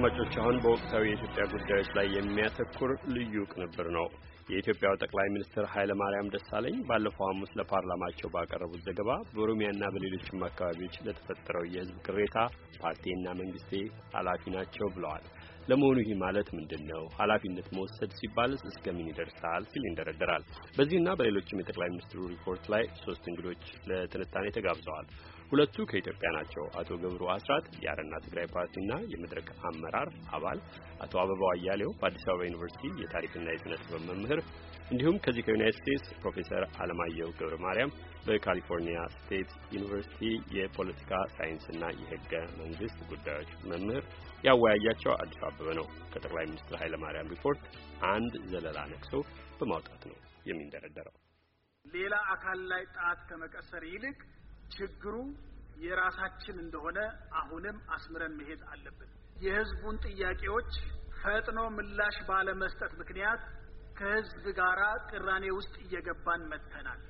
አድማጮች አሁን በወቅታዊ የኢትዮጵያ ጉዳዮች ላይ የሚያተኩር ልዩ ቅንብር ነው። የኢትዮጵያው ጠቅላይ ሚኒስትር ኃይለ ማርያም ደሳለኝ ባለፈው ሐሙስ ለፓርላማቸው ባቀረቡት ዘገባ በኦሮሚያና በሌሎችም አካባቢዎች ለተፈጠረው የሕዝብ ቅሬታ ፓርቲና መንግስቴ ኃላፊ ናቸው ብለዋል። ለመሆኑ ይህ ማለት ምንድን ነው? ኃላፊነት መወሰድ ሲባልስ እስከ ምን ይደርሳል? ሲል ይንደረደራል። በዚህና በሌሎችም የጠቅላይ ሚኒስትሩ ሪፖርት ላይ ሶስት እንግዶች ለትንታኔ ተጋብዘዋል። ሁለቱ ከኢትዮጵያ ናቸው። አቶ ገብሩ አስራት የአረና ትግራይ ፓርቲና የመድረክ አመራር አባል፣ አቶ አበባው አያሌው በአዲስ አበባ ዩኒቨርሲቲ የታሪክና የስነ ጥበብ መምህር እንዲሁም ከዚህ ከዩናይት ስቴትስ ፕሮፌሰር አለማየሁ ገብረ ማርያም በካሊፎርኒያ ስቴት ዩኒቨርሲቲ የፖለቲካ ሳይንስና የህገ መንግስት ጉዳዮች መምህር ያወያያቸው አዲሱ አበበ ነው። ከጠቅላይ ሚኒስትር ኃይለማርያም ሪፖርት አንድ ዘለላ ነቅሶ በማውጣት ነው የሚንደረደረው። ሌላ አካል ላይ ጣት ከመቀሰር ይልቅ ችግሩ የራሳችን እንደሆነ አሁንም አስምረን መሄድ አለብን። የህዝቡን ጥያቄዎች ፈጥኖ ምላሽ ባለመስጠት ምክንያት ከህዝብ ጋር ቅራኔ ውስጥ እየገባን መጥተናል።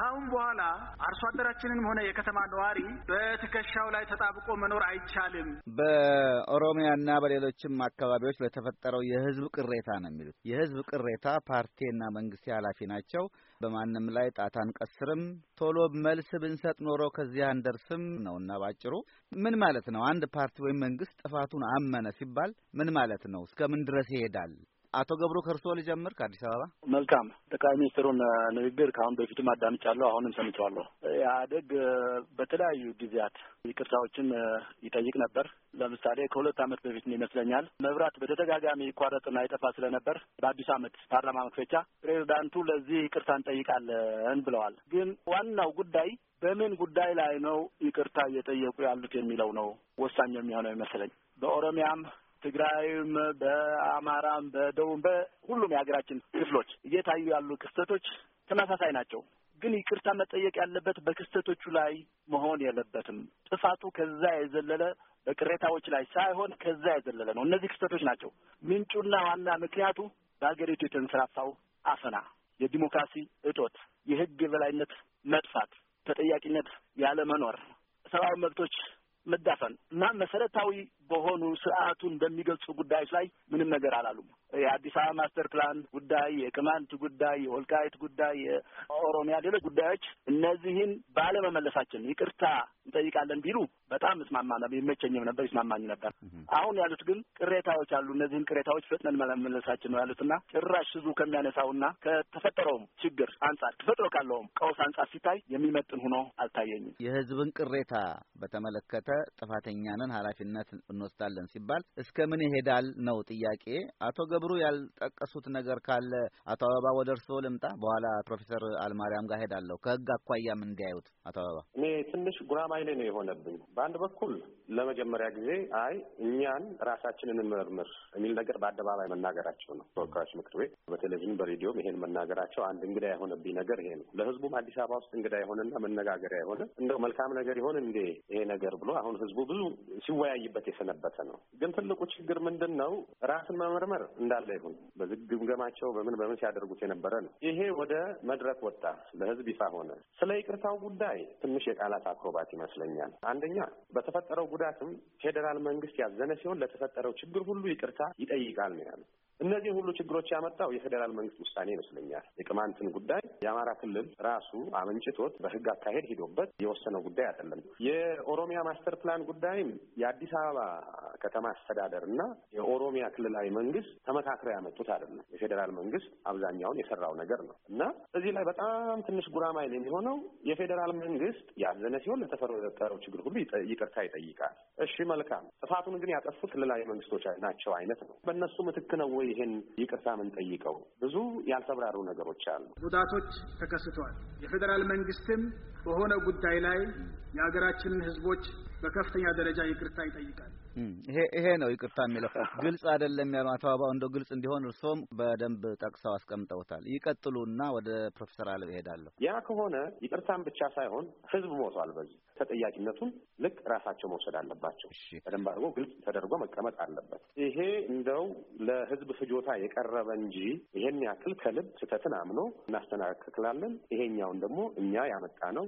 ከአሁን በኋላ አርሶ አደራችንም ሆነ የከተማ ነዋሪ በትከሻው ላይ ተጣብቆ መኖር አይቻልም። በኦሮሚያና በሌሎችም አካባቢዎች ለተፈጠረው የህዝብ ቅሬታ ነው የሚሉት። የህዝብ ቅሬታ ፓርቲና መንግስት ኃላፊ ናቸው። በማንም ላይ ጣት አንቀስርም። ቶሎ መልስ ብንሰጥ ኖሮ ከዚህ አንደርስም እና ባጭሩ ምን ማለት ነው? አንድ ፓርቲ ወይም መንግስት ጥፋቱን አመነ ሲባል ምን ማለት ነው? እስከምን ድረስ ይሄዳል? አቶ ገብሩ ከእርስዎ ልጀምር ከአዲስ አበባ። መልካም ጠቅላይ ሚኒስትሩን ንግግር ከአሁን በፊትም አዳምጫለሁ፣ አሁንም ሰምቸዋለሁ። ኢህአዴግ በተለያዩ ጊዜያት ይቅርታዎችን ይጠይቅ ነበር። ለምሳሌ ከሁለት ዓመት በፊት ይመስለኛል መብራት በተደጋጋሚ ይቋረጥና ይጠፋ ስለነበር በአዲሱ ዓመት ፓርላማ መክፈቻ ፕሬዚዳንቱ ለዚህ ይቅርታ እንጠይቃለን ብለዋል። ግን ዋናው ጉዳይ በምን ጉዳይ ላይ ነው ይቅርታ እየጠየቁ ያሉት የሚለው ነው ወሳኝ የሚሆነው ይመስለኝ። በኦሮሚያም በትግራይም፣ በአማራም፣ በደቡብ በሁሉም የሀገራችን ክፍሎች እየታዩ ያሉ ክስተቶች ተመሳሳይ ናቸው። ግን ይቅርታ መጠየቅ ያለበት በክስተቶቹ ላይ መሆን የለበትም። ጥፋቱ ከዛ የዘለለ በቅሬታዎች ላይ ሳይሆን ከዛ የዘለለ ነው። እነዚህ ክስተቶች ናቸው ምንጩና ዋና ምክንያቱ በሀገሪቱ የተንሰራፋው አፈና፣ የዲሞክራሲ እጦት፣ የህግ የበላይነት መጥፋት፣ ተጠያቂነት ያለመኖር፣ ሰብአዊ መብቶች መዳፈን እና መሰረታዊ በሆኑ ስርዓቱን በሚገልጹ ጉዳዮች ላይ ምንም ነገር አላሉም። የአዲስ አበባ ማስተር ፕላን ጉዳይ፣ የቅማንት ጉዳይ፣ የወልቃይት ጉዳይ፣ የኦሮሚያ ሌሎች ጉዳዮች እነዚህን ባለመመለሳችን ይቅርታ እንጠይቃለን ቢሉ በጣም እስማማ ይመቸኝም ነበር ይስማማኝ ነበር። አሁን ያሉት ግን ቅሬታዎች አሉ። እነዚህን ቅሬታዎች ፍጥነን መመለሳችን ነው ያሉትና ጭራሽ ህዝቡ ከሚያነሳውና ከተፈጠረውም ችግር አንጻር ተፈጥሮ ካለውም ቀውስ አንጻር ሲታይ የሚመጥን ሆኖ አልታየኝም። የህዝብን ቅሬታ በተመለከተ ጥፋተኛንን ኃላፊነት እንወስዳለን ሲባል እስከ ምን ይሄዳል ነው ጥያቄ። አቶ ገብሩ ያልጠቀሱት ነገር ካለ አቶ አበባ ወደ እርስዎ ልምጣ፣ በኋላ ፕሮፌሰር አልማርያም ጋር ሄዳለሁ። ከህግ አኳያም እንዲያዩት አቶ አበባ። እኔ ትንሽ ጉራማይሌ ነው የሆነብኝ። በአንድ በኩል ለመጀመሪያ ጊዜ አይ እኛን ራሳችንን እንመርምር የሚል ነገር በአደባባይ መናገራቸው ነው ተወካዮች ምክር ቤት በቴሌቪዥን በሬዲዮም ይሄን መናገራቸው አንድ እንግዳ የሆነብኝ ነገር ይሄ ነው። ለህዝቡም አዲስ አበባ ውስጥ እንግዳ የሆነና መነጋገሪያ የሆነ እንደው መልካም ነገር ይሆን እንዴ ይሄ ነገር ብሎ አሁን ህዝቡ ብዙ ሲወያይበት የሰ የተገለበጠ ነው። ግን ትልቁ ችግር ምንድን ነው? ራስን መመርመር እንዳለ ይሁን በዚህ ግምገማቸው በምን በምን ሲያደርጉት የነበረ ነው። ይሄ ወደ መድረክ ወጣ፣ ለህዝብ ይፋ ሆነ። ስለ ይቅርታው ጉዳይ ትንሽ የቃላት አክሮባት ይመስለኛል። አንደኛ በተፈጠረው ጉዳትም ፌዴራል መንግስት ያዘነ ሲሆን ለተፈጠረው ችግር ሁሉ ይቅርታ ይጠይቃል ነው ያሉት። እነዚህ ሁሉ ችግሮች ያመጣው የፌዴራል መንግስት ውሳኔ ይመስለኛል። የቅማንትን ጉዳይ የአማራ ክልል ራሱ አመንጭቶት በህግ አካሄድ ሂዶበት የወሰነው ጉዳይ አይደለም። የኦሮሚያ ማስተር ፕላን ጉዳይም የአዲስ አበባ ከተማ አስተዳደር እና የኦሮሚያ ክልላዊ መንግስት ተመካክረው ያመጡት አይደለም። የፌዴራል መንግስት አብዛኛውን የሰራው ነገር ነው እና እዚህ ላይ በጣም ትንሽ ጉራማይል የሚሆነው የፌዴራል መንግስት ያዘነ ሲሆን ለተፈጠረው ችግር ሁሉ ይቅርታ ይጠይቃል። እሺ መልካም፣ ጥፋቱን ግን ያጠፉት ክልላዊ መንግስቶች ናቸው አይነት ነው። በእነሱ ምትክ ነው ወይ ይህን ይቅርታ የምንጠይቀው? ብዙ ያልተብራሩ ነገሮች አሉ። ጉዳቶች ተከስተዋል። የፌዴራል መንግስትም በሆነ ጉዳይ ላይ የሀገራችንን ህዝቦች በከፍተኛ ደረጃ ይቅርታ ይጠይቃል። ይሄ ይሄ ነው ይቅርታ የሚለው ግልጽ አይደለም ያሉ አቶ አበባው ግልጽ እንዲሆን እርሶም በደንብ ጠቅሰው አስቀምጠውታል። ይቀጥሉና ወደ ፕሮፌሰር አለብ ይሄዳለሁ። ያ ከሆነ ይቅርታን ብቻ ሳይሆን ህዝብ ሞቷል። በዚህ ተጠያቂነቱን ልክ ራሳቸው መውሰድ አለባቸው። በደንብ አድርጎ ግልጽ ተደርጎ መቀመጥ አለበት። ይሄ እንደው ለህዝብ ፍጆታ የቀረበ እንጂ ይሄን ያክል ከልብ ስህተትን አምኖ እናስተናክክላለን፣ ይሄኛውን ደግሞ እኛ ያመጣ ነው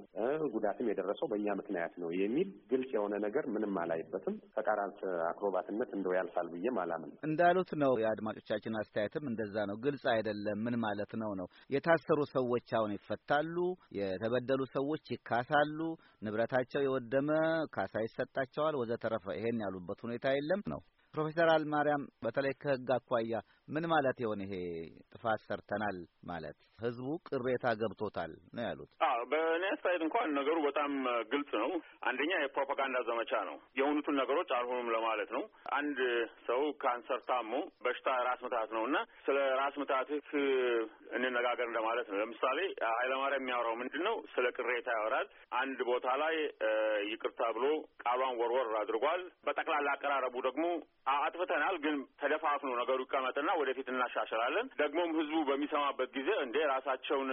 ጉዳትም የደረሰው በእኛ ምክንያት ነው የሚል ግልጽ የሆነ ነገር ምንም አላይበትም። ተቃራንት አክሮባትነት እንደው ያልፋል ብዬም አላምን። እንዳሉት ነው የአድማጮቻችን አስተያየትም እንደዛ ነው። ግልጽ አይደለም። ምን ማለት ነው ነው የታሰሩ ሰዎች አሁን ይፈታሉ፣ የተበደሉ ሰዎች ይካሳሉ፣ ንብረታ ቤታቸው የወደመ ካሳ ይሰጣቸዋል ወዘተረፈ። ይሄን ያሉበት ሁኔታ የለም ነው። ፕሮፌሰር አልማርያም በተለይ ከህግ አኳያ ምን ማለት ይሆን ይሄ ጥፋት ሰርተናል ማለት? ህዝቡ ቅሬታ ገብቶታል ነው ያሉት። በእኔ አስተያየት እንኳን ነገሩ በጣም ግልጽ ነው። አንደኛ የፕሮፓጋንዳ ዘመቻ ነው። የሆኑትን ነገሮች አልሆኑም ለማለት ነው። አንድ ሰው ካንሰር ታሞ በሽታ ራስ ምታት ነው እና ስለ ራስ ምታትህ እንነጋገር እንደማለት ነው። ለምሳሌ ኃይለማርያም የሚያወራው ምንድን ነው? ስለ ቅሬታ ያወራል። አንድ ቦታ ላይ ይቅርታ ብሎ ቃሏን ወርወር አድርጓል። በጠቅላላ አቀራረቡ ደግሞ አጥፍተናል፣ ግን ተደፋፍኖ ነገሩ ይቀመጥና ወደፊት እናሻሽላለን። ደግሞም ህዝቡ በሚሰማበት ጊዜ እንዴ የራሳቸውን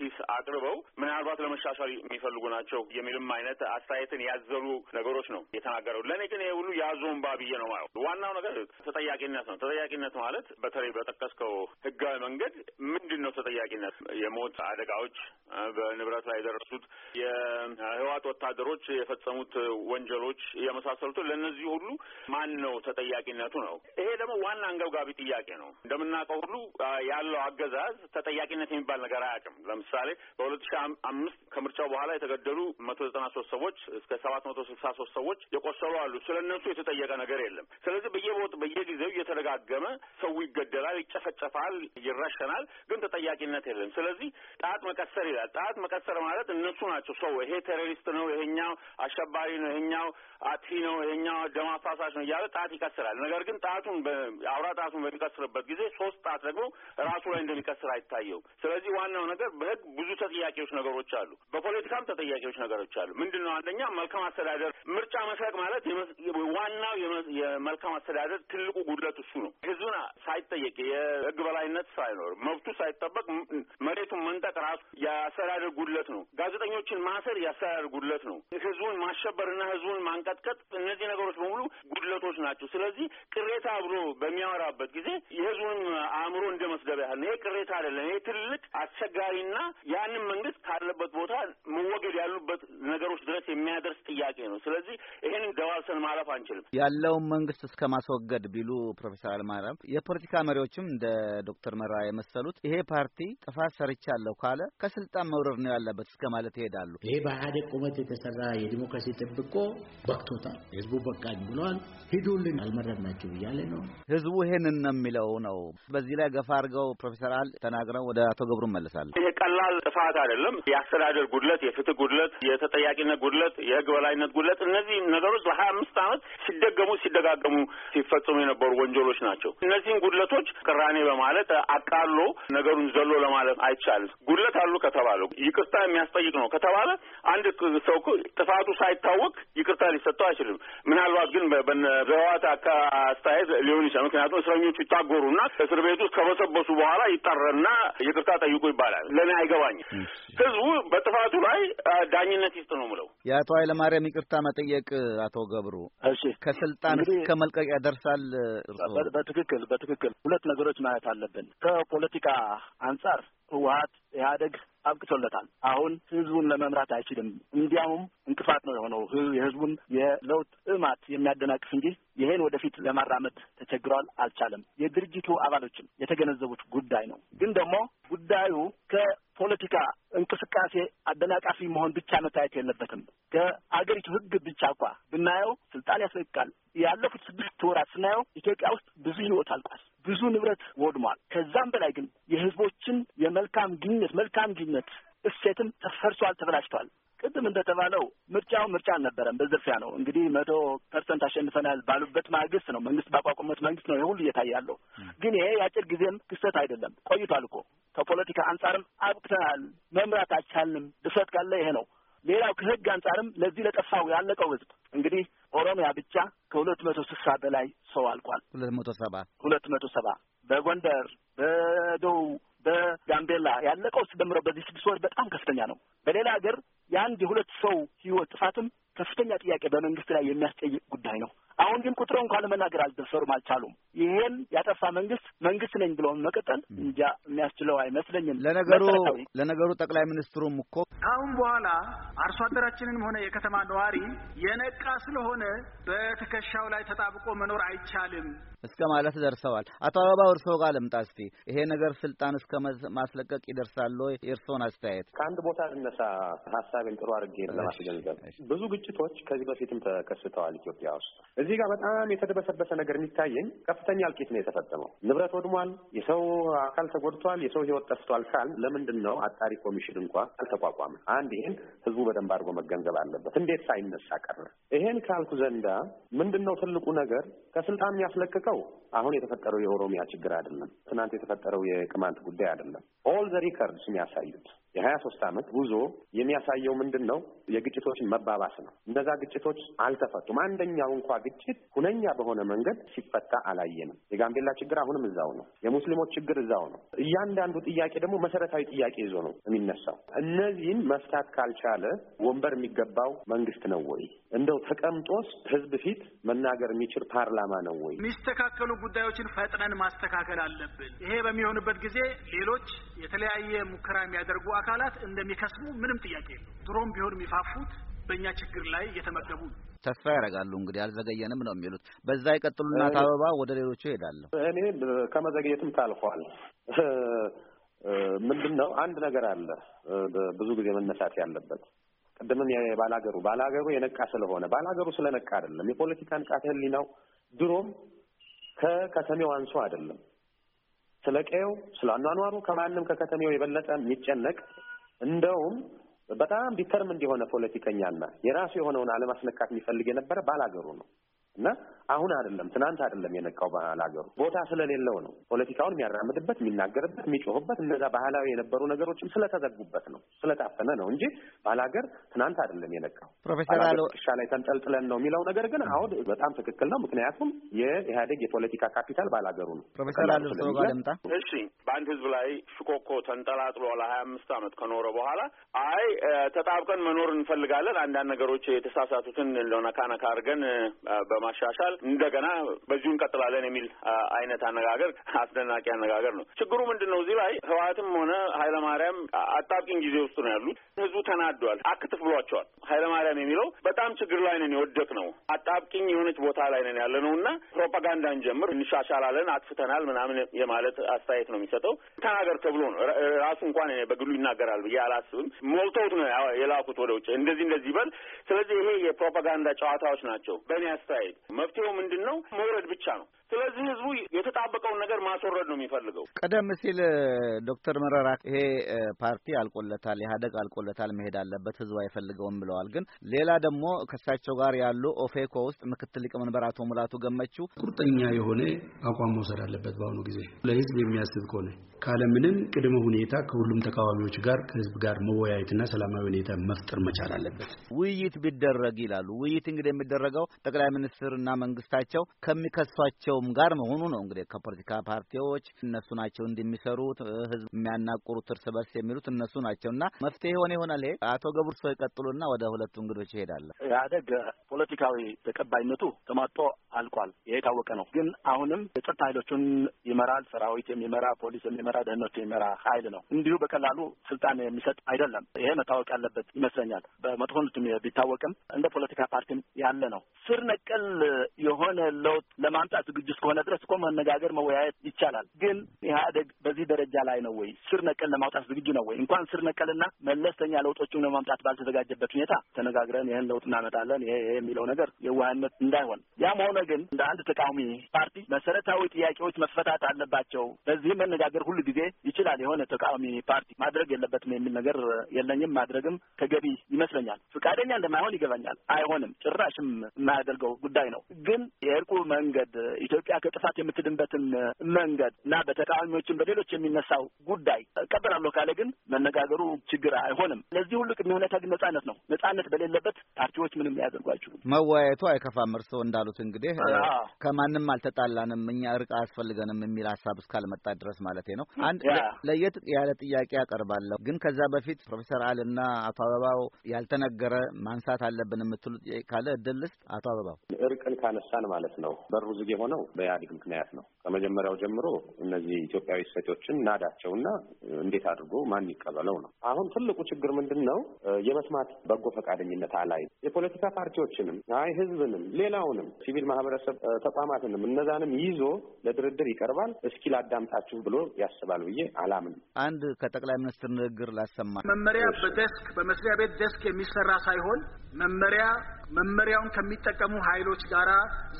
ሂስ አቅርበው ምናልባት ለመሻሻል የሚፈልጉ ናቸው የሚልም አይነት አስተያየትን ያዘሉ ነገሮች ነው የተናገረው። ለእኔ ግን ይሄ ሁሉ የአዞምባ ብዬ ነው ማለት። ዋናው ነገር ተጠያቂነት ነው። ተጠያቂነት ማለት በተለይ በጠቀስከው ህጋዊ መንገድ ምንድን ነው ተጠያቂነት? የሞት አደጋዎች፣ በንብረት ላይ የደረሱት የህወሓት ወታደሮች የፈጸሙት ወንጀሎች የመሳሰሉትን ለእነዚህ ሁሉ ማን ነው ተጠያቂነቱ ነው። ይሄ ደግሞ ዋና አንገብጋቢ ጥያቄ ነው። እንደምናውቀው ሁሉ ያለው አገዛዝ ተጠያቂነት የሚባል ነገር አያውቅም። ለምሳሌ በሁለት ሺ አምስት ከምርጫው በኋላ የተገደሉ መቶ ዘጠና ሶስት ሰዎች እስከ ሰባት መቶ ስልሳ ሶስት ሰዎች የቆሰሉ አሉ። ስለ እነሱ የተጠየቀ ነገር የለም። ስለዚህ በየቦጥ በየጊዜው እየተደጋገመ ሰው ይገደላል፣ ይጨፈጨፋል፣ ይረሸናል፣ ግን ተጠያቂነት የለም። ስለዚህ ጣት መቀሰር ይላል። ጣት መቀሰር ማለት እነሱ ናቸው ሰው ይሄ ቴሮሪስት ነው፣ ይሄኛው አሸባሪ ነው፣ ይሄኛው አጥፊ ነው፣ ይሄኛው ደም አፋሳሽ ነው እያለ ጣት ይቀስራል። ነገር ግን ጣቱን አውራ ጣቱን በሚቀስርበት ጊዜ ሶስት ጣት ደግሞ ራሱ ላይ እንደሚቀስር አይታየውም። ስለዚህ ዋናው ነገር በህግ ብዙ ተጠያቂዎች ነገሮች አሉ፣ በፖለቲካም ተጠያቂዎች ነገሮች አሉ። ምንድን ነው አንደኛ መልካም አስተዳደር ምርጫ መስረቅ ማለት ዋናው የመልካም አስተዳደር ትልቁ ጉድለት እሱ ነው። ህዝብን ሳይጠየቅ የህግ በላይነት ሳይኖር መብቱ ሳይጠበቅ መሬቱን መንጠቅ ራሱ የአስተዳደር ጉድለት ነው። ጋዜጠኞችን ማሰር የአስተዳደር ጉድለት ነው። ህዝቡን ማሸበርና ህዝቡን ማንቀጥቀጥ እነዚህ ነገሮች በሙሉ ጉድለቶች ናቸው። ስለዚህ ቅሬታ ብሎ በሚያወራበት ጊዜ የህዝቡን አእምሮ እንደ መስደብ ያህል ነው። ይሄ ቅሬታ አይደለም። ይሄ ትልቅ መንግስት አስቸጋሪና ያንን መንግስት ካለበት ቦታ መወገድ ያሉበት ነገሮች ድረስ የሚያደርስ ጥያቄ ነው። ስለዚህ ይህንን ደባብሰን ማለፍ አንችልም። ያለውን መንግስት እስከ ማስወገድ ቢሉ ፕሮፌሰር አልማራም የፖለቲካ መሪዎችም እንደ ዶክተር መራ የመሰሉት ይሄ ፓርቲ ጥፋት ሰርቻለሁ ካለ ከስልጣን መውረድ ነው ያለበት እስከ ማለት ይሄዳሉ። ይሄ በኢህአዴግ ቁመት የተሰራ የዲሞክራሲ ጥብቆ በቅቶታል። ህዝቡ በቃኝ ብለዋል። ሂዱልን አልመረጥናችሁ እያለ ነው ህዝቡ። ይሄንን ነው የሚለው ነው። በዚህ ላይ ገፋ አድርገው ፕሮፌሰር አል ተናግረው ወደ አቶ ገብሩ እመለሳለሁ። ይሄ ቀላል ጥፋት አይደለም። የአስተዳደር ጉድለት፣ የፍትህ ጉድለት፣ የተጠያቂነት ጉድለት፣ የህግ በላይነት ጉድለት፣ እነዚህ ነገሮች ለሀያ አምስት ዓመት ሲደገሙ ሲደጋገሙ ሲፈጽሙ የነበሩ ወንጀሎች ናቸው። እነዚህን ጉድለቶች ቅራኔ በማለት አቃሎ ነገሩን ዘሎ ለማለት አይቻልም። ጉድለት አሉ ከተባለ ይቅርታ የሚያስጠይቅ ነው ከተባለ አንድ ሰው ጥፋቱ ሳይታወቅ ይቅርታ ሊሰጠው አይችልም። ምናልባት ግን በህዋት አስተያየት ሊሆን ይችላል። ምክንያቱም እስረኞቹ ይታጎሩና እስር ቤት ውስጥ ከበሰበሱ በኋላ ይጠረና ይቅርታ ጠይቁ ይባላል። ለእኔ አይገባኝም። ህዝቡ በጥፋቱ ላይ ዳኝነት ይስጥ ነው ምለው። የአቶ ኃይለማርያም ይቅርታ መጠየቅ አቶ ገብሩ እሺ፣ ከስልጣን እስከ መልቀቅ ያደርሳል። በትክክል በትክክል ሁለት ነገሮች ማየት አለብን። ከፖለቲካ አንጻር ህወሀት ኢህአደግ አብቅቶለታል። አሁን ህዝቡን ለመምራት አይችልም። እንዲያውም እንቅፋት ነው የሆነው የህዝቡን የለውጥ እማት የሚያደናቅፍ እንጂ ይሄን ወደፊት ለማራመድ ተቸግሯል፣ አልቻለም። የድርጅቱ አባሎችም የተገነዘቡት ጉዳይ ነው። ግን ደግሞ ጉዳዩ ከ ፖለቲካ እንቅስቃሴ አደናቃፊ መሆን ብቻ መታየት የለበትም። ከአገሪቱ ሕግ ብቻ እንኳ ብናየው ስልጣን ያስለቅቃል። ያለፉት ስድስት ወራት ስናየው ኢትዮጵያ ውስጥ ብዙ ሕይወት አልቋል፣ ብዙ ንብረት ወድሟል። ከዛም በላይ ግን የሕዝቦችን የመልካም ግንኙነት መልካም ግንኙነት እሴትም ተፈርሷል፣ ተበላሽቷል። ቅድም እንደተባለው ምርጫው ምርጫ አልነበረም፣ በዝርፊያ ነው። እንግዲህ መቶ ፐርሰንት አሸንፈናል ባሉበት ማግስት ነው መንግስት ባቋቋሙበት መንግስት ነው የሁሉ እየታየ ያለው። ግን ይሄ የአጭር ጊዜም ክስተት አይደለም፣ ቆይቷል እኮ ከፖለቲካ አንጻርም አብቅተናል፣ መምራት አልቻልንም። ድፍረት ካለ ይሄ ነው። ሌላው ከህግ አንጻርም ለዚህ ለጠፋው ያለቀው ህዝብ እንግዲህ ኦሮሚያ ብቻ ከሁለት መቶ ስልሳ በላይ ሰው አልቋል። ሁለት መቶ ሰባ ሁለት መቶ ሰባ በጎንደር በደቡብ በጋምቤላ ያለቀው ስደምረው በዚህ ስድስት ወር በጣም ከፍተኛ ነው። በሌላ ሀገር የአንድ የሁለት ሰው ህይወት ጥፋትም ከፍተኛ ጥያቄ በመንግስት ላይ የሚያስጠይቅ ጉዳይ ነው። አሁን ግን ቁጥሩ እንኳን መናገር አልደፈሩም፣ አልቻሉም። ይሄን ያጠፋ መንግስት መንግስት ነኝ ብሎ መቀጠል እንጃ የሚያስችለው አይመስለኝም። ለነገሩ ለነገሩ ጠቅላይ ሚኒስትሩም እኮ ከአሁን በኋላ አርሶ አደራችንም ሆነ የከተማ ነዋሪ የነቃ ስለሆነ በትከሻው ላይ ተጣብቆ መኖር አይቻልም እስከ ማለት ደርሰዋል። አቶ አበባ እርስዎ ጋር ልምጣ እስቲ። ይሄ ነገር ስልጣን እስከ ማስለቀቅ ይደርሳል ወይ? የእርስዎን አስተያየት ከአንድ ቦታ ልነሳ፣ ሀሳቤን ጥሩ አድርጌ ለማስገንዘብ ብዙ ግጭቶች ከዚህ በፊትም ተከስተዋል ኢትዮጵያ ውስጥ። እዚህ ጋር በጣም የተደበሰበሰ ነገር የሚታየኝ ከፍተኛ እልቂት ነው የተፈጸመው። ንብረት ወድሟል፣ የሰው አካል ተጎድቷል፣ የሰው ህይወት ጠፍቷል ካል ለምንድን ነው አጣሪ ኮሚሽን እንኳ አልተቋቋመ? አንድ ይሄን ህዝቡ በደንብ አድርጎ መገንዘብ አለበት። እንዴት ሳይነሳ ቀረ? ይሄን ካልኩ ዘንዳ ምንድን ነው ትልቁ ነገር ከስልጣን የሚያስለቅቀው አሁን የተፈጠረው የኦሮሚያ ችግር አይደለም፣ ትናንት የተፈጠረው የቅማንት ጉዳይ አይደለም። ኦል ዘ ሪከርድስ የሚያሳዩት የሀያ ሶስት ዓመት ጉዞ የሚያሳየው ምንድን ነው? የግጭቶችን መባባስ ነው። እነዛ ግጭቶች አልተፈቱም። አንደኛው እንኳ ግጭት ሁነኛ በሆነ መንገድ ሲፈታ አላየንም። የጋምቤላ ችግር አሁንም እዛው ነው። የሙስሊሞች ችግር እዛው ነው። እያንዳንዱ ጥያቄ ደግሞ መሰረታዊ ጥያቄ ይዞ ነው የሚነሳው። እነዚህን መፍታት ካልቻለ ወንበር የሚገባው መንግስት ነው ወይ? እንደው ተቀምጦስ ህዝብ ፊት መናገር የሚችል ፓርላማ ነው ወይ? የሚስተካከሉ ጉዳዮችን ፈጥነን ማስተካከል አለብን። ይሄ በሚሆንበት ጊዜ ሌሎች የተለያየ ሙከራ የሚያደርጉ አካላት እንደሚከስሙ ምንም ጥያቄ የለው። ድሮም ቢሆን የሚፋፉት በእኛ ችግር ላይ እየተመገቡ ተስፋ ያደርጋሉ። እንግዲህ አልዘገየንም ነው የሚሉት። በዛ ይቀጥሉና አበባ ወደ ሌሎቹ ይሄዳለሁ። እኔ ከመዘግየትም ታልፏል። ምንድን ነው አንድ ነገር አለ ብዙ ጊዜ መነሳት ያለበት ቅድምም ባላገሩ ባላገሩ የነቃ ስለሆነ ባላገሩ ስለነቃ አይደለም የፖለቲካ ንቃተ ህሊናው ድሮም ከከተሜው አንሶ አይደለም ስለ ቀየው ስለ አኗኗሩ ከማንም ከከተሜው የበለጠ የሚጨነቅ እንደውም በጣም ዲተርም እንዲሆነ ፖለቲከኛና የራሱ የሆነውን አለማስነካት የሚፈልግ የነበረ ባላገሩ ነው። እና አሁን አይደለም ትናንት አይደለም የነቃው ባህል ሀገሩ ቦታ ስለሌለው ነው። ፖለቲካውን የሚያራምድበት፣ የሚናገርበት፣ የሚጮህበት እነዛ ባህላዊ የነበሩ ነገሮችም ስለተዘጉበት ነው ስለታፈነ ነው እንጂ ባህል ሀገር ትናንት አይደለም የነቃው። ፕሮፌሰር እርሻ ላይ ተንጠልጥለን ነው የሚለው ነገር ግን አሁን በጣም ትክክል ነው። ምክንያቱም የኢህአዴግ የፖለቲካ ካፒታል ባህል ሀገሩ ነው። ፕሮፌሰር ልምጣ እሺ፣ በአንድ ህዝብ ላይ ሽኮኮ ተንጠላጥሎ ለሀያ አምስት አመት ከኖረ በኋላ አይ ተጣብቀን መኖር እንፈልጋለን አንዳንድ ነገሮች የተሳሳቱትን ለነካ ነካ በ ለማሻሻል እንደገና በዚሁ እንቀጥላለን የሚል አይነት አነጋገር አስደናቂ አነጋገር ነው። ችግሩ ምንድን ነው? እዚህ ላይ ህወሓትም ሆነ ኃይለማርያም አጣብቂኝ ጊዜ ውስጥ ነው ያሉት። ህዝቡ ተናዷል፣ አክትፍ ብሏቸዋል። ኃይለማርያም የሚለው በጣም ችግር ላይ ነን የወደቅ ነው አጣብቂኝ የሆነች ቦታ ላይ ነን ያለ ነው እና ፕሮፓጋንዳ እንጀምር፣ እንሻሻላለን፣ አጥፍተናል ምናምን የማለት አስተያየት ነው የሚሰጠው። ተናገር ተብሎ ነው ራሱ እንኳን በግሉ ይናገራል ብዬ አላስብም። ሞልተውት ነው የላኩት ወደ ውጭ እንደዚህ እንደዚህ በል። ስለዚህ ይሄ የፕሮፓጋንዳ ጨዋታዎች ናቸው በእኔ አስተያየት። መሄድ። መፍትሄው ምንድን ነው? መውረድ ብቻ ነው። ስለዚህ ህዝቡ የተጣበቀውን ነገር ማስወረድ ነው የሚፈልገው። ቀደም ሲል ዶክተር መረራ ይሄ ፓርቲ አልቆለታል፣ ኢህአደግ አልቆለታል፣ መሄድ አለበት፣ ህዝቡ አይፈልገውም ብለዋል። ግን ሌላ ደግሞ ከእሳቸው ጋር ያሉ ኦፌኮ ውስጥ ምክትል ሊቀመንበር አቶ ሙላቱ ገመቹ ቁርጠኛ የሆነ አቋም መውሰድ አለበት። በአሁኑ ጊዜ ለህዝብ የሚያስብ ከሆነ ካለምንም ቅድመ ሁኔታ ከሁሉም ተቃዋሚዎች ጋር ከህዝብ ጋር መወያየትና ሰላማዊ ሁኔታ መፍጠር መቻል አለበት። ውይይት ቢደረግ ይላሉ። ውይይት እንግዲህ የሚደረገው ጠቅላይ ሚኒስትር ሚኒስትርና መንግስታቸው ከሚከሷቸውም ጋር መሆኑ ነው። እንግዲህ ከፖለቲካ ፓርቲዎች እነሱ ናቸው እንደሚሰሩት ህዝብ የሚያናቁሩት እርስ በርስ የሚሉት እነሱ ናቸው እና መፍትሄ የሆነ ይሆናል። አቶ ገብሩ ሰው ይቀጥሉና ወደ ሁለቱ እንግዶች ይሄዳለ። ኢህአደግ ፖለቲካዊ ተቀባይነቱ ተማጦ አልቋል። ይሄ የታወቀ ነው። ግን አሁንም የጸጥታ ኃይሎቹን ይመራል። ሰራዊት የሚመራ ፖሊስ የሚመራ ደህንነት የሚመራ ኃይል ነው። እንዲሁ በቀላሉ ስልጣን የሚሰጥ አይደለም። ይሄ መታወቅ ያለበት ይመስለኛል። በመጥፎነቱም ቢታወቅም እንደ ፖለቲካ ፓርቲም ያለ ነው። ስር ነቀል የሆነ ለውጥ ለማምጣት ዝግጁ እስከሆነ ድረስ እኮ መነጋገር መወያየት ይቻላል። ግን ኢህአደግ በዚህ ደረጃ ላይ ነው ወይ? ስር ነቀል ለማውጣት ዝግጁ ነው ወይ? እንኳን ስር ነቀልና መለስተኛ ለውጦችን ለማምጣት ባልተዘጋጀበት ሁኔታ ተነጋግረን ይህን ለውጥ እናመጣለን ይሄ ይሄ የሚለው ነገር የዋህነት እንዳይሆን፣ ያም ሆነ ግን እንደ አንድ ተቃዋሚ ፓርቲ መሰረታዊ ጥያቄዎች መፈታት አለባቸው። በዚህም መነጋገር ሁሉ ጊዜ ይችላል። የሆነ ተቃዋሚ ፓርቲ ማድረግ የለበትም የሚል ነገር የለኝም። ማድረግም ተገቢ ይመስለኛል። ፈቃደኛ እንደማይሆን ይገባኛል። አይሆንም፣ ጭራሽም የማያደርገው ጉዳይ ጉዳይ ነው። ግን የእርቁ መንገድ ኢትዮጵያ ከጥፋት የምትድንበትን መንገድ እና በተቃዋሚዎችን በሌሎች የሚነሳው ጉዳይ እቀበላለሁ ካለ ግን መነጋገሩ ችግር አይሆንም። ለዚህ ሁሉ ቅድመ ሁኔታ ግን ነጻነት ነው። ነጻነት በሌለበት ፓርቲዎች ምንም ሊያደርጉ አይችሉም። መወያየቱ አይከፋም። እርስዎ እንዳሉት እንግዲህ ከማንም አልተጣላንም፣ እኛ እርቅ አያስፈልገንም የሚል ሀሳብ እስካልመጣ ድረስ ማለት ነው። አንድ ለየት ያለ ጥያቄ ያቀርባለሁ። ግን ከዛ በፊት ፕሮፌሰር አል አልና አቶ አበባው ያልተነገረ ማንሳት አለብን የምትሉ ጥያቄ ካለ እድል ልስጥ። አቶ አበባው እርቅን ካነሳን ማለት ነው በሩ ዝግ የሆነው በኢህአዴግ ምክንያት ነው። ከመጀመሪያው ጀምሮ እነዚህ ኢትዮጵያዊ ሴቶችን ናዳቸውና እንዴት አድርጎ ማን ይቀበለው ነው። አሁን ትልቁ ችግር ምንድን ነው? የመስማት በጎ ፈቃደኝነት አላይ የፖለቲካ ፓርቲዎችንም፣ አይ ህዝብንም፣ ሌላውንም ሲቪል ማህበረሰብ ተቋማትንም እነዛንም ይዞ ለድርድር ይቀርባል። እስኪ ላዳምጣችሁ ብሎ ያስባል ብዬ አላምን። አንድ ከጠቅላይ ሚኒስትር ንግግር ላሰማ። መመሪያ በደስክ በመስሪያ ቤት ደስክ የሚሰራ ሳይሆን መመሪያ መመሪያውን ከሚጠቀሙ ኃይሎች ጋራ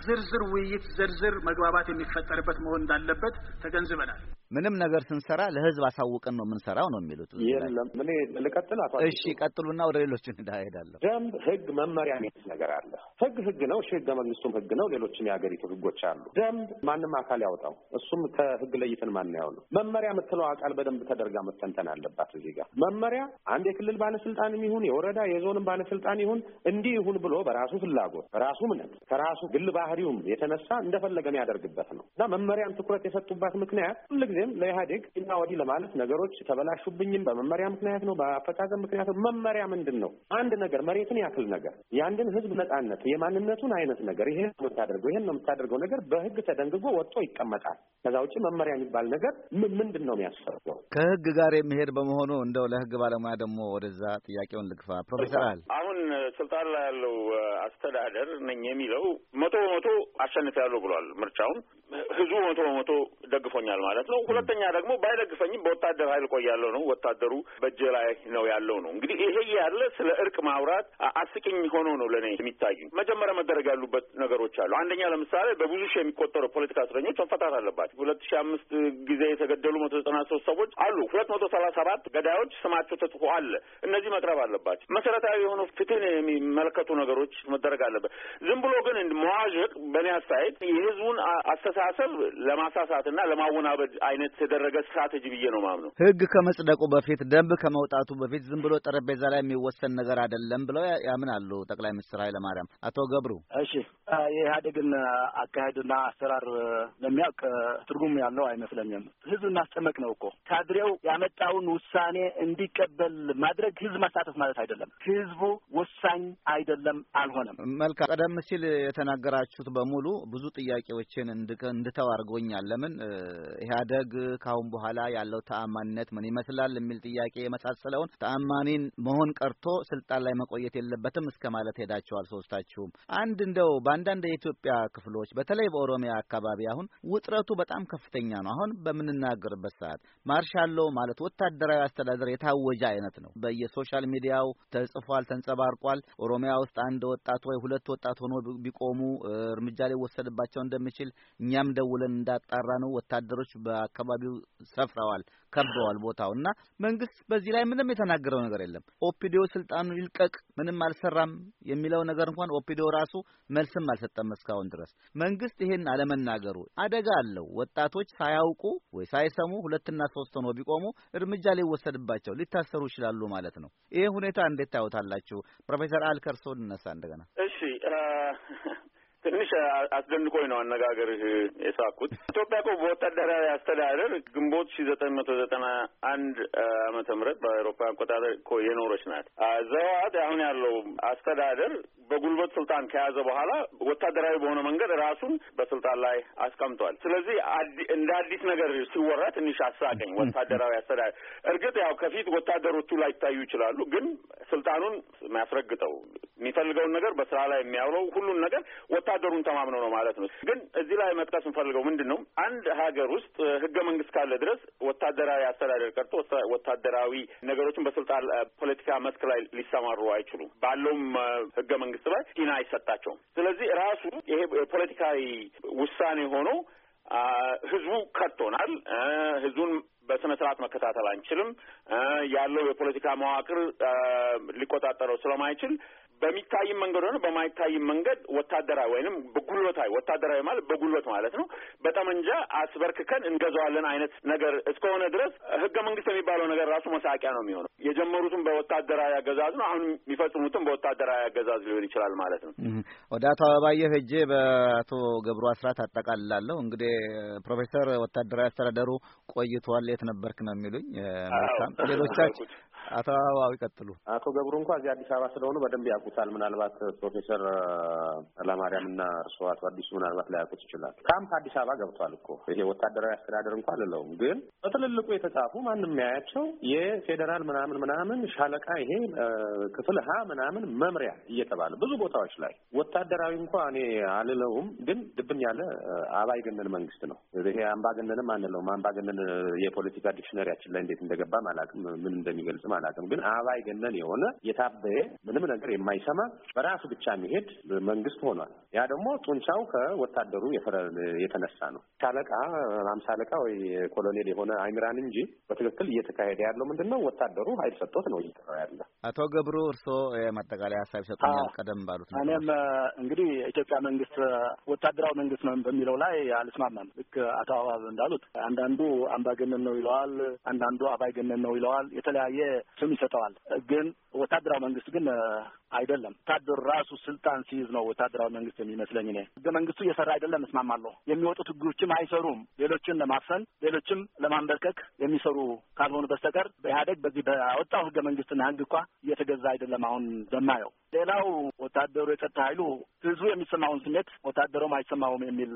ዝርዝር ውይይት፣ ዝርዝር መግባባት የሚፈጠርበት መሆን እንዳለበት ተገንዝበናል። ምንም ነገር ስንሰራ ለህዝብ አሳውቀን ነው የምንሰራው ነው የሚሉት። የለም እኔ ልቀጥል። እሺ ቀጥሉና ወደ ሌሎች እሄዳለሁ። ደንብ፣ ህግ፣ መመሪያ የሚሉት ነገር አለ። ህግ ህግ ነው እሺ፣ ህገ መንግስቱም ህግ ነው። ሌሎችም የሀገሪቱ ህጎች አሉ። ደንብ ማንም አካል ያውጣው፣ እሱም ከህግ ለይተን ማናየው ነው። መመሪያ የምትለው አካል በደንብ ተደርጋ መተንተን አለባት። እዚህ ጋር መመሪያ አንድ የክልል ባለስልጣን ይሁን የወረዳ የዞንም ባለስልጣን ይሁን እንዲህ ይሁን ብሎ በራሱ ፍላጎት በራሱ እምነት ከራሱ ግል ባህሪውም የተነሳ እንደፈለገ የሚያደርግበት ነው እና መመሪያን ትኩረት የሰጡባት ምክንያት ሁልጊዜ ግን ለኢህአዴግ እና ወዲህ ለማለት ነገሮች ተበላሹብኝም በመመሪያ ምክንያት ነው፣ በአፈጻጸም ምክንያት ነው። መመሪያ ምንድን ነው? አንድ ነገር መሬትን ያክል ነገር የአንድን ህዝብ ነጻነት የማንነቱን አይነት ነገር ይሄን ነው የምታደርገው ይሄን ነው የምታደርገው ነገር በህግ ተደንግጎ ወጥቶ ይቀመጣል። ከዛ ውጭ መመሪያ የሚባል ነገር ምንድን ነው የሚያስፈልገው? ከህግ ጋር የሚሄድ በመሆኑ እንደው ለህግ ባለሙያ ደግሞ ወደዛ ጥያቄውን ልግፋ። ፕሮፌሰር አል አሁን ስልጣን ላይ ያለው አስተዳደር ነኝ የሚለው መቶ በመቶ አሸንፍ ያለው ብሏል። ምርጫውን ህዝቡ መቶ በመቶ ደግፎኛል ማለት ነው። ሁለተኛ ደግሞ ባይደግፈኝም በወታደር ኃይል ቆያለሁ ነው። ወታደሩ በእጄ ላይ ነው ያለው ነው። እንግዲህ ይሄ ያለ ስለ እርቅ ማውራት አስቂኝ ሆኖ ነው ለእኔ የሚታዩኝ። መጀመሪያ መደረግ ያሉበት ነገሮች አሉ። አንደኛ ለምሳሌ በብዙ ሺህ የሚቆጠሩ ፖለቲካ እስረኞች መፈታት አለባቸው። ሁለት ሺህ አምስት ጊዜ የተገደሉ መቶ ዘጠና ሶስት ሰዎች አሉ። ሁለት መቶ ሰላሳ ሰባት ገዳዮች ስማቸው ተጽፎ አለ። እነዚህ መቅረብ አለባቸው። መሰረታዊ የሆኑ ፍትህን የሚመለከቱ ነገሮች መደረግ አለበት። ዝም ብሎ ግን መዋዠቅ በእኔ አስተያየት የህዝቡን አስተሳሰብ ለማሳሳት ለማሳሳትና ለማወናበድ አይነት የተደረገ ስትራቴጂ ብዬ ነው ማምነው። ህግ ከመጽደቁ በፊት ደንብ ከመውጣቱ በፊት ዝም ብሎ ጠረጴዛ ላይ የሚወሰን ነገር አይደለም ብለው ያምናሉ ጠቅላይ ሚኒስትር ኃይለማርያም። አቶ ገብሩ፣ እሺ የኢህአዴግን አካሄድና አሰራር ለሚያውቅ ትርጉም ያለው አይመስለኝም። ህዝብ እናስጨመቅ ነው እኮ ካድሬው ያመጣውን ውሳኔ እንዲቀበል ማድረግ ህዝብ ማሳተፍ ማለት አይደለም። ህዝቡ ወሳኝ አይደለም፣ አልሆነም። መልካም። ቀደም ሲል የተናገራችሁት በሙሉ ብዙ ጥያቄዎችን እንድተው አድርጎኛል። ለምን ኢህአደግ ካሁን በኋላ ያለው ተአማኒነት ምን ይመስላል የሚል ጥያቄ የመሳሰለውን ተአማኒን መሆን ቀርቶ ስልጣን ላይ መቆየት የለበትም እስከ ማለት ሄዳቸዋል። ሶስታችሁም አንድ እንደው በአንዳንድ የኢትዮጵያ ክፍሎች በተለይ በኦሮሚያ አካባቢ አሁን ውጥረቱ በጣም ከፍተኛ ነው። አሁን በምንናገርበት ሰዓት ማርሻሎ ማለት ወታደራዊ አስተዳደር የታወጀ አይነት ነው። በየሶሻል ሚዲያው ተጽፏል፣ ተንጸባርቋል። ኦሮሚያ ውስጥ አንድ ወጣት ወይ ሁለት ወጣት ሆኖ ቢቆሙ እርምጃ ሊወሰድባቸው እንደሚችል እኛም ደውለን እንዳጣራ ነው ወታደሮች በአካባቢው ሰፍረዋል፣ ከበዋል ቦታው እና መንግስት በዚህ ላይ ምንም የተናገረው ነገር የለም። ኦፒዲዮ ስልጣኑ ይልቀቅ ምንም አልሰራም የሚለው ነገር እንኳን ኦፒዲዮ ራሱ መልስም አልሰጠም እስካሁን ድረስ። መንግስት ይሄን አለመናገሩ አደጋ አለው። ወጣቶች ሳያውቁ ወይ ሳይሰሙ ሁለትና ሶስት ሆኖ ቢቆሙ እርምጃ ሊወሰድባቸው ሊታሰሩ ይችላሉ ማለት ነው። ይሄ ሁኔታ እንዴት ታዩታላችሁ? ፕሮፌሰር አልከርሶ ልነሳ እንደገና። እሺ ትንሽ አስደንቆኝ ነው አነጋገርህ የሳኩት። ኢትዮጵያ እኮ በወታደራዊ አስተዳደር ግንቦት ሺ ዘጠኝ መቶ ዘጠና አንድ አመተ ምህረት በአውሮፓ አቆጣጠር እኮ የኖረች ናት። ዘዋት አሁን ያለው አስተዳደር በጉልበት ስልጣን ከያዘ በኋላ ወታደራዊ በሆነ መንገድ ራሱን በስልጣን ላይ አስቀምጧል። ስለዚህ እንደ አዲስ ነገር ሲወራ ትንሽ አሳቀኝ። ወታደራዊ አስተዳደር እርግጥ ያው ከፊት ወታደሮቹ ላይታዩ ይችላሉ፣ ግን ስልጣኑን የሚያስረግጠው የሚፈልገውን ነገር በስራ ላይ የሚያውለው ሁሉን ነገር ወታ አስተዳደሩን ተማምነው ነው ማለት ነው። ግን እዚህ ላይ መጥቀስ እንፈልገው ምንድን ነው አንድ ሀገር ውስጥ ህገ መንግስት ካለ ድረስ ወታደራዊ አስተዳደር ቀርቶ ወታደራዊ ነገሮችን በስልጣን ፖለቲካ መስክ ላይ ሊሰማሩ አይችሉም። ባለውም ህገ መንግስት ላይ ቲና አይሰጣቸውም። ስለዚህ ራሱ ይሄ ፖለቲካዊ ውሳኔ ሆኖ ህዝቡ ከድቶናል፣ ህዝቡን በስነ ስርዓት መከታተል አንችልም፣ ያለው የፖለቲካ መዋቅር ሊቆጣጠረው ስለማይችል በሚታይም መንገድ ሆነ በማይታይም መንገድ ወታደራዊ ወይንም በጉልበታዊ ወታደራዊ ማለት በጉልበት ማለት ነው። በጠመንጃ አስበርክከን እንገዛዋለን አይነት ነገር እስከሆነ ድረስ ህገ መንግስት የሚባለው ነገር ራሱ መሳቂያ ነው የሚሆነው። የጀመሩትም በወታደራዊ አገዛዝ ነው፣ አሁን የሚፈጽሙትም በወታደራዊ አገዛዝ ሊሆን ይችላል ማለት ነው። ወደ አቶ አበባየሁ ሄጄ በአቶ ገብሩ አስራት አጠቃልላለሁ። እንግዲህ ፕሮፌሰር ወታደራዊ አስተዳደሩ ቆይቷል፣ የት ነበርክ ነው የሚሉኝ። ሌሎቻችሁ አቶ አበባው ይቀጥሉ። አቶ ገብሩ እንኳ እዚህ አዲስ አበባ ስለሆኑ በደንብ ያውቁታል። ምናልባት ፕሮፌሰር ለማርያም እና እርስዎ አቶ አዲሱ ምናልባት ላያውቁት ይችላል። ካምፕ አዲስ አበባ ገብቷል እኮ ይሄ ወታደራዊ አስተዳደር እንኳ አልለውም፣ ግን በትልልቁ የተጻፉ ማንም ያያቸው የፌዴራል ምናምን ምናምን ሻለቃ ይሄ ክፍል ሀ ምናምን መምሪያ እየተባለ ብዙ ቦታዎች ላይ ወታደራዊ እንኳ እኔ አልለውም፣ ግን ድብን ያለ አምባገነን መንግስት ነው። ይሄ አምባገነንም አንለውም። አምባገነን የፖለቲካ ዲክሽነሪያችን ላይ እንዴት እንደገባም አላውቅም ምን እንደሚገልጽ አላውቅም። ግን አባይ ገነን የሆነ የታበየ ምንም ነገር የማይሰማ በራሱ ብቻ የሚሄድ መንግስት ሆኗል። ያ ደግሞ ጡንቻው ከወታደሩ የተነሳ ነው። ሻለቃ አምሳ አለቃ ወይ ኮሎኔል የሆነ አይምራን እንጂ በትክክል እየተካሄደ ያለው ምንድን ነው? ወታደሩ ኃይል ሰጥቶት ነው እየጠራው ያለ። አቶ ገብሩ እርስዎ የማጠቃለያ ሀሳብ ይሰጡኛል። ቀደም ባሉት እኔም እንግዲህ የኢትዮጵያ መንግስት ወታደራዊ መንግስት ነው በሚለው ላይ አልስማማም። ልክ አቶ አባብ እንዳሉት አንዳንዱ አምባገነን ነው ይለዋል፣ አንዳንዱ አባይገነን ነው ይለዋል። የተለያየ ስም ይሰጠዋል። ግን ወታደራዊ መንግስት ግን አይደለም። ወታደር ራሱ ስልጣን ሲይዝ ነው ወታደራዊ መንግስት የሚመስለኝ እኔ። ህገ መንግስቱ እየሰራ አይደለም እስማማለሁ። የሚወጡት ህጎችም አይሰሩም። ሌሎችን ለማፈን ሌሎችም ለማንበርከክ የሚሰሩ ካልሆኑ በስተቀር በኢህአደግ በዚህ በወጣው ህገ መንግስትና ህግ እንኳ እየተገዛ አይደለም አሁን በማየው። ሌላው ወታደሩ የጸጥታ ኃይሉ ህዝቡ የሚሰማውን ስሜት ወታደሩም አይሰማውም የሚል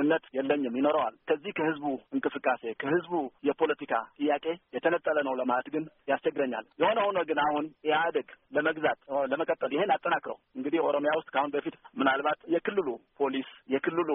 እምነት የለኝም። ይኖረዋል። ከዚህ ከህዝቡ እንቅስቃሴ ከህዝቡ የፖለቲካ ጥያቄ የተነጠለ ነው ለማለት ግን ያስቸግረኛል። የሆነ ሆኖ ግን አሁን ኢህአደግ ለመግዛት ለመቀ መቀጠል ይሄን አጠናክረው እንግዲህ ኦሮሚያ ውስጥ ከአሁን በፊት ምናልባት የክልሉ ፖሊስ የክልሉ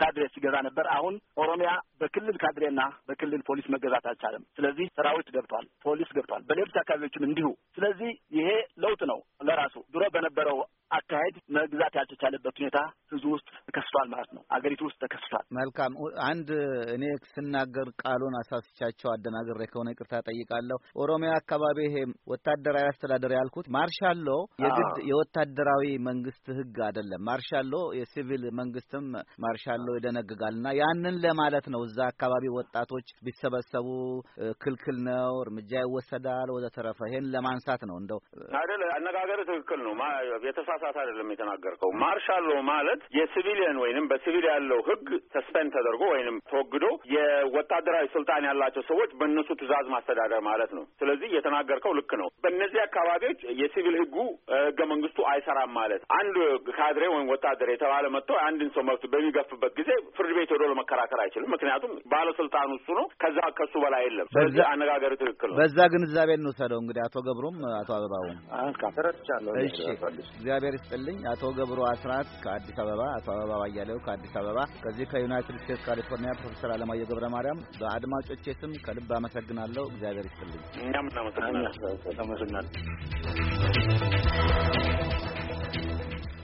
ካድሬ ሲገዛ ነበር። አሁን ኦሮሚያ በክልል ካድሬና በክልል ፖሊስ መገዛት አልቻለም። ስለዚህ ሰራዊት ገብቷል፣ ፖሊስ ገብቷል። በሌሎች አካባቢዎችም እንዲሁ። ስለዚህ ይሄ ለውጥ ነው ለራሱ ድሮ በነበረው አካሄድ መግዛት ያልተቻለበት ሁኔታ ህዝቡ ውስጥ ተከስቷል ማለት ነው። አገሪቱ ውስጥ ተከስቷል። መልካም። አንድ እኔ ስናገር ቃሉን አሳስቻቸው አደናግሬ ከሆነ ይቅርታ ጠይቃለሁ። ኦሮሚያ አካባቢ ይሄ ወታደራዊ አስተዳደር ያልኩት ማርሻሎ የግድ የወታደራዊ መንግስት ህግ አይደለም። ማርሻሎ የሲቪል መንግስትም ማርሻሎ ይደነግጋል እና ያንን ለማለት ነው። እዛ አካባቢ ወጣቶች ቢሰበሰቡ ክልክል ነው፣ እርምጃ ይወሰዳል፣ ወዘተረፈ ይሄን ለማንሳት ነው። እንደው አይደለ አነጋገር ትክክል ነው ቤተሰብ ሰዓት አይደለም የተናገርከው። ማርሻሎ ማለት የሲቪሊየን ወይንም በሲቪል ያለው ህግ ሰስፔንድ ተደርጎ ወይንም ተወግዶ የወታደራዊ ስልጣን ያላቸው ሰዎች በእነሱ ትእዛዝ ማስተዳደር ማለት ነው። ስለዚህ የተናገርከው ልክ ነው። በእነዚህ አካባቢዎች የሲቪል ህጉ ህገ መንግስቱ አይሰራም ማለት አንድ ካድሬ ወይም ወታደር የተባለ መጥቶ አንድን ሰው መብት በሚገፍበት ጊዜ ፍርድ ቤት ሄዶ ለመከራከር አይችልም። ምክንያቱም ባለስልጣኑ እሱ ነው። ከዛ ከሱ በላይ የለም። ስለዚህ አነጋገር ትክክል ነው። በዛ ግንዛቤ እንውሰደው። እንግዲህ አቶ ገብሩም አቶ አበባውም ተረድቻለሁ። እሺ፣ እግዚአብሔር ይስጥልኝ። አቶ ገብሩ አስራት ከአዲስ አበባ፣ አቶ አበባ አያሌው ከአዲስ አበባ ከዚህ ከዩናይትድ ስቴትስ ካሊፎርኒያ ፕሮፌሰር አለማየሁ ገብረ ማርያም በአድማጮቼ ስም ከልብ አመሰግናለሁ። እግዚአብሔር ይስጥልኝ። እኛም እናመሰግናለን።